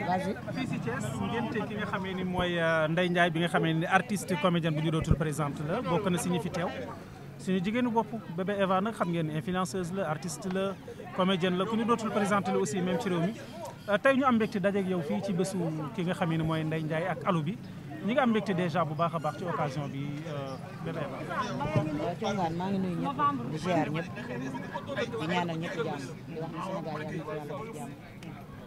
vas-y fii si Thiès ngénte ki nga xamee ni mooy euh, Ndeye Ndiaye bi nga xamee ni artiste comédienne bu ñu dootul présente la bokk na si ñu fi teew suñu jigéenu bopp bébé Eva nag xam ngeen influenceuse la artiste la comédienne la ku ñu dootul présente la aussi même ci réew mi euh, tey ñu am mbégte dajeeg yow fii ci bésu ki nga xamee ni mooy Ndeye ak alu bi ñi nga am mbégte déjà bu baax a baax ci occasion bi euh, bébé Eva. waaw Thiongaan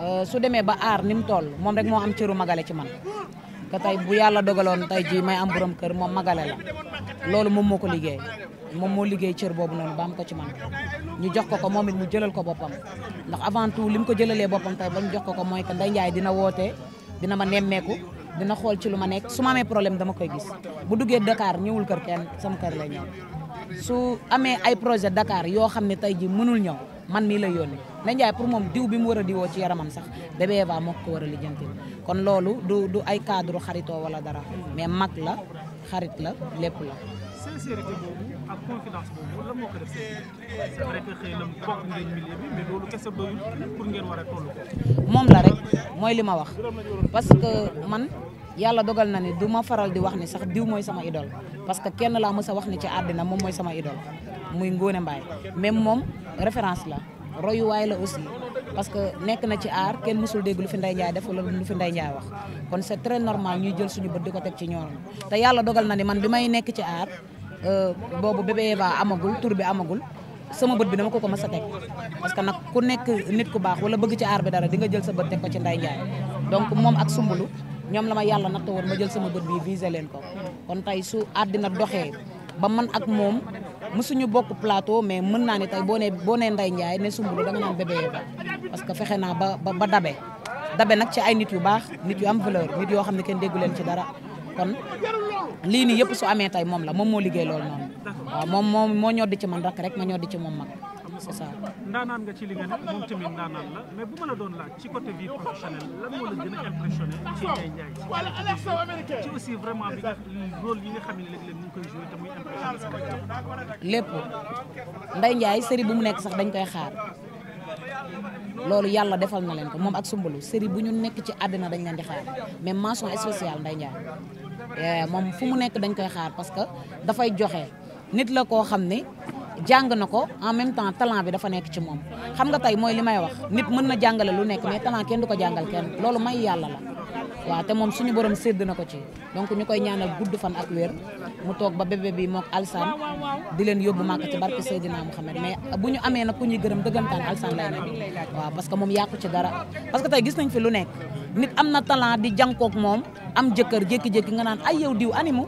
Euh, su demee ba aar ni mu toll moom rek moo am cëru magale ci man que tey bu yàlla dogaloon tey ji may am borom kër moom magale la loolu moom moo ko liggéey moom moo liggéey cër boobu noonu ba am ko ci man ñu jox ko ko moom it mu jëlal ko boppam ndax avant tout li mu ko jëlalee boppam tey ba ñu jox ko ko mooy que Ndeye Ndiaye dina wootee dina ma nemmeeku dina xool ci lu ma nekk su ma amee problème dama koy gis bu duggee dakaar ñëwul kër kenn sama kër lay ñëw su amee ay projet Dakar yoo xam ne tey ji mënul ñëw man mii lay yónnee na Ndiaye pour moom diw bi mu war a diwoo ci yaramam sax bébé Eva moo ko war a lijjanti kon loolu du du ay cadre xaritoo wala dara mais mag la xarit la lépp la. sincérité boobu rek mooy li ma wax parce que man. yàlla dogal na ni du ma faral di wax ni sax diw mooy sama idole parce que kenn laa mës a wax ni ci àddina moom mooy sama idole muy Ngone Mbaye même moom référence la royuwaay la aussi parce que nekk na ci aar kenn mësul dégg lu fi Ndeye Ndiaye def wala lu fi Ndeye Ndiaye wax kon c'est très normal ñu jël suñu bët di ko teg ci ñoom te yàlla dogal na ni man bi may nekk ci aar euh, boobu bébé Eva amagul tur bi amagul sama bët bi dama ko ko mës a teg parce que nag ku nekk nit ku baax wala bëgg ci aar bi dara di nga jël sa bët teg ko ci Ndeye Ndiaye donc moom ak Sumbulu ñoom la ma yàlla natt woon ma jël sama bët bi visé leen ko kon tey su àddina doxee ba man ak moom mësuñu bokk plateau mais mën naa ne tey boo nee boo nee Ndeye Ndiaye ne Soumboulou danga naan bébé Eva parce que fexe naa ba ba dabe dabe nag ci ay nit yu baax nit yu am valeur nit yoo xam ne kenn déggu leen ci dara kon lii nii yëpp su amee tey moom la moom moo liggéey loolu noonu waaw moom moo moo ñoddi ci man rakk rek ma ñoddi ci moom mag c'est ça ndaanaan nga ci li nga ne moom a impressionné ci yi nga xam ne léeg lépp Ndeye Ndiaye série bu mu nekk sax dañ koy xaar loolu yàlla defal na leen ko moom ak Sumbalu série bu ñu nekk ci àddina dañ leen di xaar mais mention spéciale Ndeye Ndiaye eh, moom fu mu nekk dañ koy xaar parce que dafay joxe nit la koo xam ne jàng na ko en même temps talent bi dafa nekk ci moom xam nga tey mooy li may wax nit mën na jàngale lu nekk mais talent kenn du ko jàngal kenn loolu may yàlla la waaw te moom suñu borom sédd na ko ci donc ñu koy ñaanal gudd fan ak wér mu toog ba bébé bi mook alsaan di leen yóbbu màkk ci barke Seydina Mouhamed mais bu ñu amee nag ku ñuy gërëm dëggantaan alsaan lay nekk waaw parce que moom yàqu ci dara parce que tey gis nañ fi lu nekk nit am na talent di moom am jëkkër jékki nga naan ay yow diw animu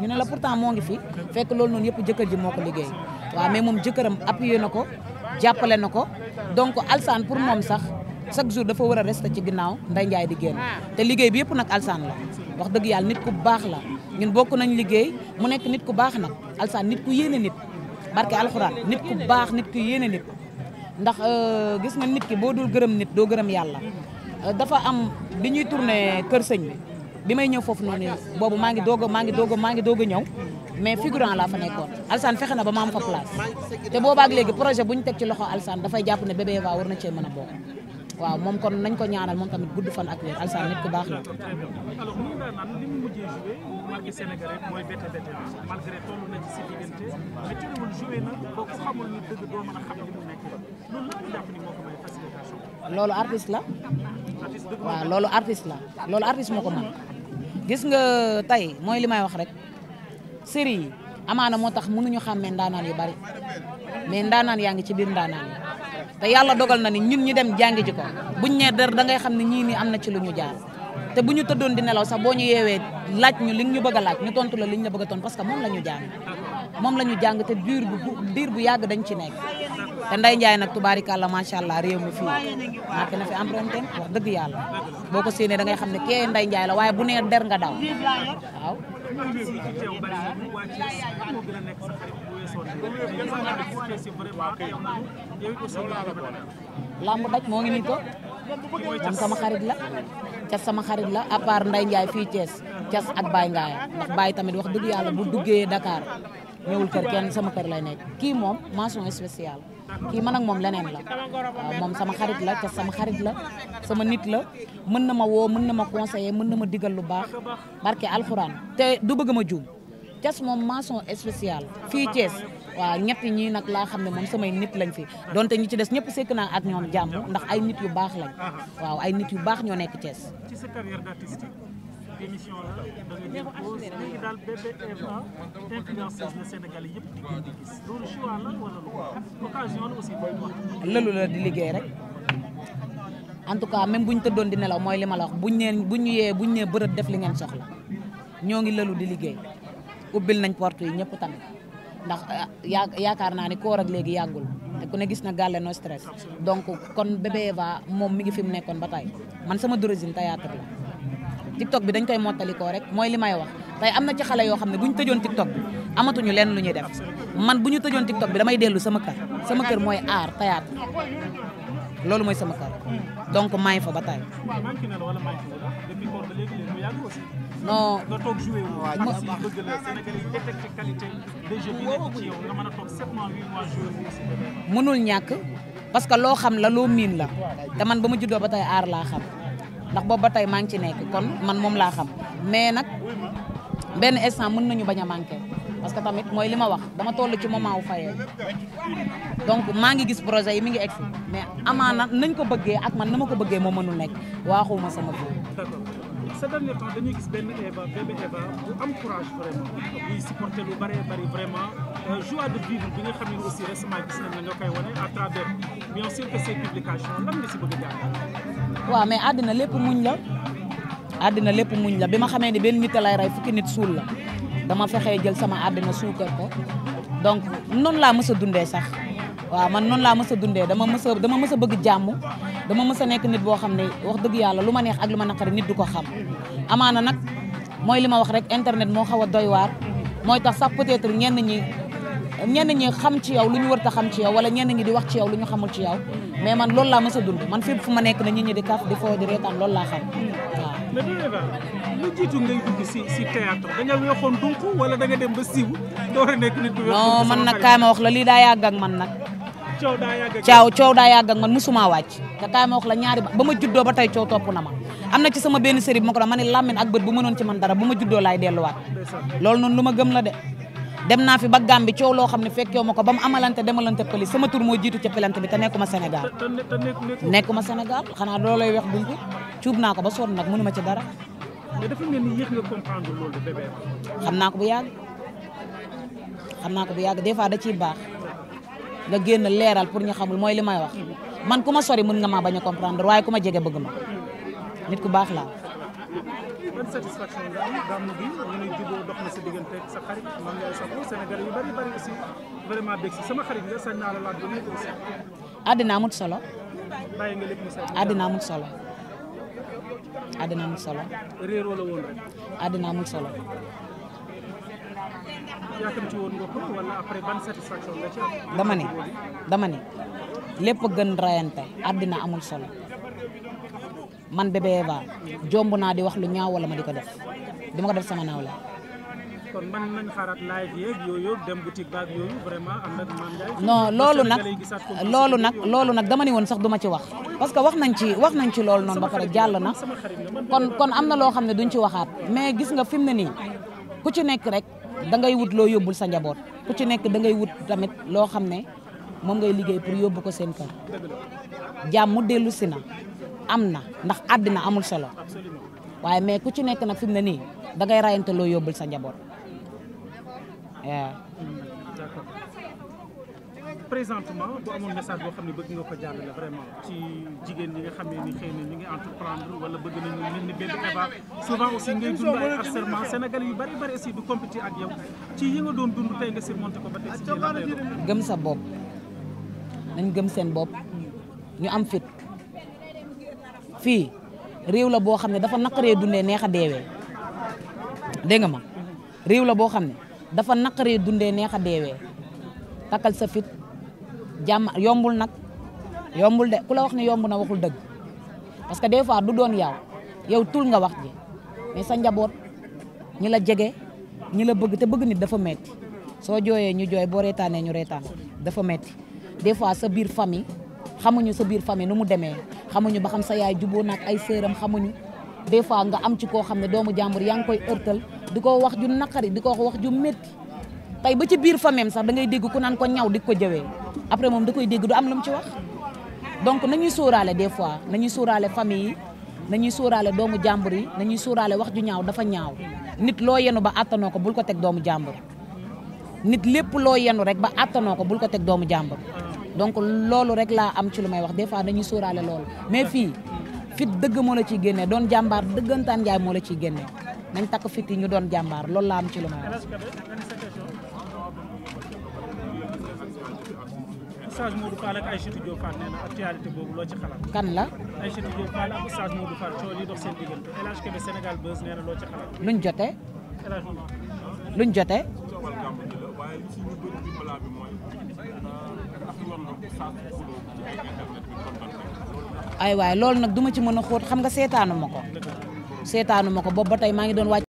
ñu ne la pourtant moo ngi fi fekk loolu noonu yëpp jëkkër ji moo ko liggéey waa mais moom jëkkëram appuyé na ko jàppale na ko donc alsaan pour moom sax chaque jour dafa war a rester ci ginnaaw Ndeye Ndiaye di génn te liggéey bi yëpp nag alsaan la wax dëgg yàlla nit ku baax la ñun bokk nañ liggéey mu nekk nit ku baax nag alsaan nit ku yéene nit barke alxuraan nit ku baax nit ku yéene nit ndax euh, gis nga nit ki boo dul gërëm nit doo gërëm yàlla euh, dafa am bi ñuy turne kër sëñ bi bi may ñëw foofu noonu boobu maa ngi doog a maa ngi doog a maa ngi doog a ñëw mais figurant laa fa nekkoon Alsaan fexe na ba ma am fa place te boobaak léegi projet bu ñu teg ci loxo Alsaan dafay jàpp ne bébé Eva war na cee mën a bokk waaw moom kon nañ ko ñaanal moom tamit gudd fan ak wér Alsaan nit ku baax la. a loolu la la. artiste waaw loolu artiste la loolu artiste moo ko mën. gis nga tey mooy li may wax rek série yi amaana moo tax nu mënuñu xàmmee ndaanaan yu bari mais ndaanaan yaa ngi ci biir ndaanaan te yàlla dogal na ni ñun ñu dem jàngi ji ko buñ ñee der da ngay xam ne ñii nii am na ci lu ñu jaar te bu ñu tëddoon di nelaw sax boo ñu laaj ñu li ñu bëgg a ñu tontu la li ñu la bëgg a parce que moom la ñu jàng moom la ñu jàng te diir bu diir bu yàgg dañ ci nekk te Ndeye Ndiaye nag tubaarikàlla macha allah réew mi fii marqué na fi empreinte wax dëgg yàlla boo ko séenee da ngay xam ne kee Ndeye Ndiaye la waaye bu neer der nga daw lamb daj moo ngi nii toog moom sama xarit la cas sama xarit la à part Ndeye Ndiaye fii Thiès cas ak Baye Ngaye ndax Baye tamit wax dëgg yàlla bu duggee dakaar ñëwul kër kenn sama kër lay nekk kii moom mention spéciale kii ma ak moom leneen la moom sama xarit la te sama xarit la sama nit la mën na ma woo mën na ma conseiller mën na ma digal lu baax barke alxuraan te du bëgg ma juum Thiès moom mention spéciale fii Thiès waaw ñett ñii nag laa xam ne moom sama nit lañ fi donte ñi ci des ñëpp sekk naa ak ñoom jàmm ndax ay nit yu baax lañ waaw ay nit yu baax ñoo nekk Thiès. émission la di liggéey rek en tout ca même bu ñu tëddoon di nelaw mooy li ma la wax buñ bu ñu yee buñ nee bërëb def li ngeen soxla ñoo ngi lëlu di liggéey ubbil nañ porte yi ñëpp tamit ndax eh, yaa yaakaar naa ni koor léegi yàggul te ne gis na gàlle no stress donc kon BBEVA moom mi ngi fi mu nekkoon ba tey man sama d'origine théâtre la TikTok bi dañ koy mottalikoo rek mooy li may wax tey am na ci xale yoo xam ne bu ñu tëjoon TikTok bi amatuñu lenn lu ñuy def man bu ñu tëjoon TikTok bi damay dellu sama kër sama kër mooy aar théâtre loolu mooy sama kër donc maa ngi fa ba tey. ñàkk parce que loo xam la loo miin la te man ba ma juddoo ba tey aar laa xam. ndax boobu ba tey maa ngi ci nekk kon man moom laa xam mais nag benn instant mën nañu bañ a manqué parce que tamit mooy li ma wax dama toll ci moment wu fayee donc maa ngi gis projet yi mi ngi egsi mais amaana nañ ko bëggee ak man na ma ko bëggee moo mënul nekk waaxuma sama bopp. ces derniers temps gis benn Eva bébé Eva bu am courage vraiment buy euh, waaw mais àddina lépp muñ la àddina lépp muñ la bi ma xamee ne benn nit a lay rey fukki nit suul la dama fexee jël sama àddina suukar ko donc noonu laa mës a dundee sax waaw man noonu laa mës a dundee dama mës dama mës a bëgg jàmm. dama mës a nekk nit boo xam ne wax dëgg yàlla lu ma neex ak lu ma naqari nit du ko xam amaana nag mooy li ma wax rek internet moo xaw a doy waar mooy tax sax peut-être ñenn ñi ñenn ñi xam ci yow lu ñu war a xam ci yow wala ñenn ñi di wax ci yow lu ñu xamul ci yow mais man loolu laa mës a dund man fépp fu ma nekk na nit ñi di kaf di foo di reetaan loolu laa xam waaw. si si théâtre da nga a nekk nit. man nag kaay ma wax la lii daa yàgg ak man nag. caaw coow daa yàgg ak man mosumaa wàcc te kaay ma wax la ñaari ba ma juddoo ba tey coow topp na ma am na ci sama benn série bi ma ko doon ma ne làmmiñ ak bët bu mënoon man dara bu ma juddoo laay delluwaat loolu noonu lu ma gëm la de dem naa fi ba Gàmbi coow loo xam ne fekkew ma ko ba mu amalante dem demalante pëli sama tur moo jiitu ca pelante bi te nekkuma Sénégal nekkuma Sénégal xanaa loolay wax buñ ko cuub naa ko ba sonn nag mënuma ci dara mais dafa mel ni xam naa ko bu yàgg xam naa ko bu yàgg des fois da ciy baax nga génna leeral pour ñu xamul mooy li may wax man ku ma sori mën nga maa bañ a comprendre waaye ku ma jege bëgg ma nit ku baax laa. ban satisfaction nga diggante sa àddina amut solo. bàyyi mu amut solo. àddina amut solo. réeroo la woon rek. amut solo. dama ni dama ni lépp gën rayante àddina amul solo man bébé Eva jomb naa di wax lu ñaaw wala ma di ko def dama ko def sama naaw la kon man nañ loolu nag loolu nag loolu nag dama ne woon sax du ma ci wax parce que wax nañ ci wax nañ ci loolu noonu ba pare jàll na kon kon am na loo xam ne duñ ci waxaat mais gis nga fi mu ne nii ku ci nekk rek da ngay wut loo yóbbul sa njaboot ku ci nekk da ngay wut tamit loo xam ne moom ngay liggéey pour yóbbu ko seen kër jàmm dellu si na am na ndax àddina amul solo waaye mais ku ci nekk nag fi mu ne nii da ngay rayante loo yóbbul sa njaboot présentement bu amoon xam ne bëgg nga ko jàllale vraiment ci jigéen ñi xam ne ni dund tey nga surmonté ko ba tey gëm sa bopp nañ gëm seen bopp ñu am fit fii réew la boo xam ne dafa naqaree dundee neex a deewee dégg nga ma réew la boo xam ne dafa naqaree dundee neex a deewee takkal sa fit jàmm yombul nag yombul de ku la wax ne yomb na waxul dëgg parce que des fois du doon yow yow tul nga wax ji mais sa njaboot ñi la jege ñi la bëgg te bëgg ni dafa metti soo jooyee ñu jooy boo reetaanee ñu reetaan dafa metti des fois sa biir famille xamuñu sa biir famille nu mu demee xamuñu ba xam sa yaay juboo nag ay sëram xamuñu des fois nga am ci koo xam ne doomu jàmbur yaa ngi koy ërtal di ko wax ju naqari di ko wax ju métti tey ba ci biir famem sax dangay ngay dégg ku naan ko ñaw di ko jëwee après moom da koy dégg du am lu ci wax donc nañuy sóoraale des fois nañuy sóoraale famille yi nañuy sóoraale doomu jàmbur yi nañuy sóoraale wax ju ñaaw dafa ñaaw nit loo yenu ba àttanoo ko bul ko teg doomu jàmbur nit lépp loo yenu rek ba àttanoo ko bul ko teg doomu jàmbur donc loolu rek laa am ci lu may wax des fois dañuy sóoraale loolu mais fii fit dëgg moo la ciy génne doon jàmbaar dëggantaan njaay moo la ciy génnee nañ takk fit yi ñu doon jàmbaar loolu laa am ci lu may wax Oustaz Modou boobu loo ci xalaat. kan la. Aïssatou Diop Fall ak Oustaz luñ jotee. luñ jotee. Ah, ay waay loolu nag duma ci mën a xóot xam nga seetaanu ma ko. seetaanu ma ko boobu ba tey maa ngi doon wàcc.